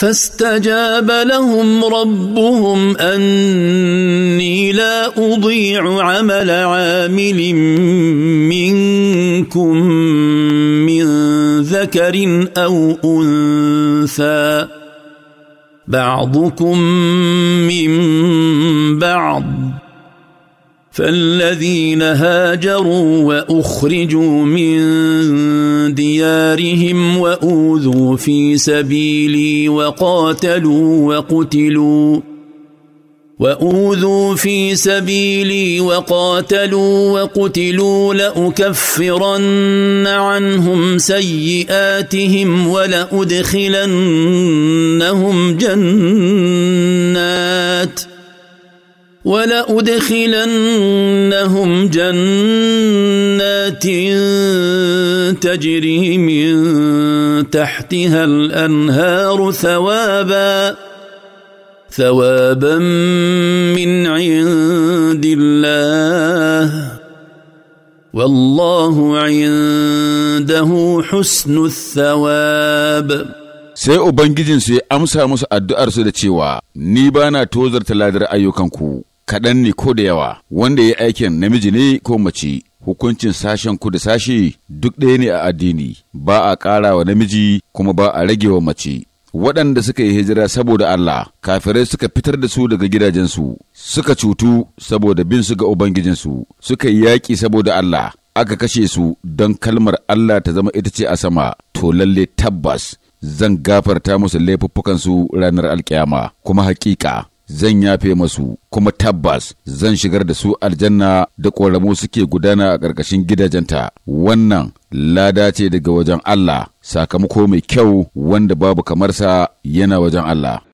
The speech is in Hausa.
فاستجاب لهم ربهم اني لا اضيع عمل عامل منكم من ذكر او انثى بعضكم من بعض فالذين هاجروا واخرجوا من ديارهم واوذوا في سبيلي وقاتلوا وقتلوا واوذوا في سبيلي وقاتلوا وقتلوا لاكفرن عنهم سيئاتهم ولادخلنهم جنات ولأدخلنهم جنات تجري من تحتها الأنهار ثوابا ثوابا من عند الله والله عنده حسن الثواب sai Ubangijinsu ya amsa musu addu’ar su da cewa, Ni ba na tozarta ladar ayyukanku. kaɗan ne ko da yawa, wanda ya aikin namiji ne ko mace. Hukuncin sashen kudu da sashe duk ɗaya ne a addini, ba a ƙara wa namiji kuma ba a rage wa mace. waɗanda suka yi hijira saboda Allah, kafirai suka fitar da su daga gidajensu, suka cutu saboda bin su ga Ubangijinsu, suka yi yaƙi saboda Allah, aka kashe su don kalmar Allah ta zama ita ce a sama, to lalle tabbas zan gafarta musu laifuffukansu ranar alkiyama, kuma haƙiƙa zan yafe masu kuma tabbas zan shigar da su aljanna da ƙoramu suke gudana a ƙarƙashin gidajenta wannan lada ce daga wajen Allah sakamako mai kyau wanda babu kamar sa yana wajen Allah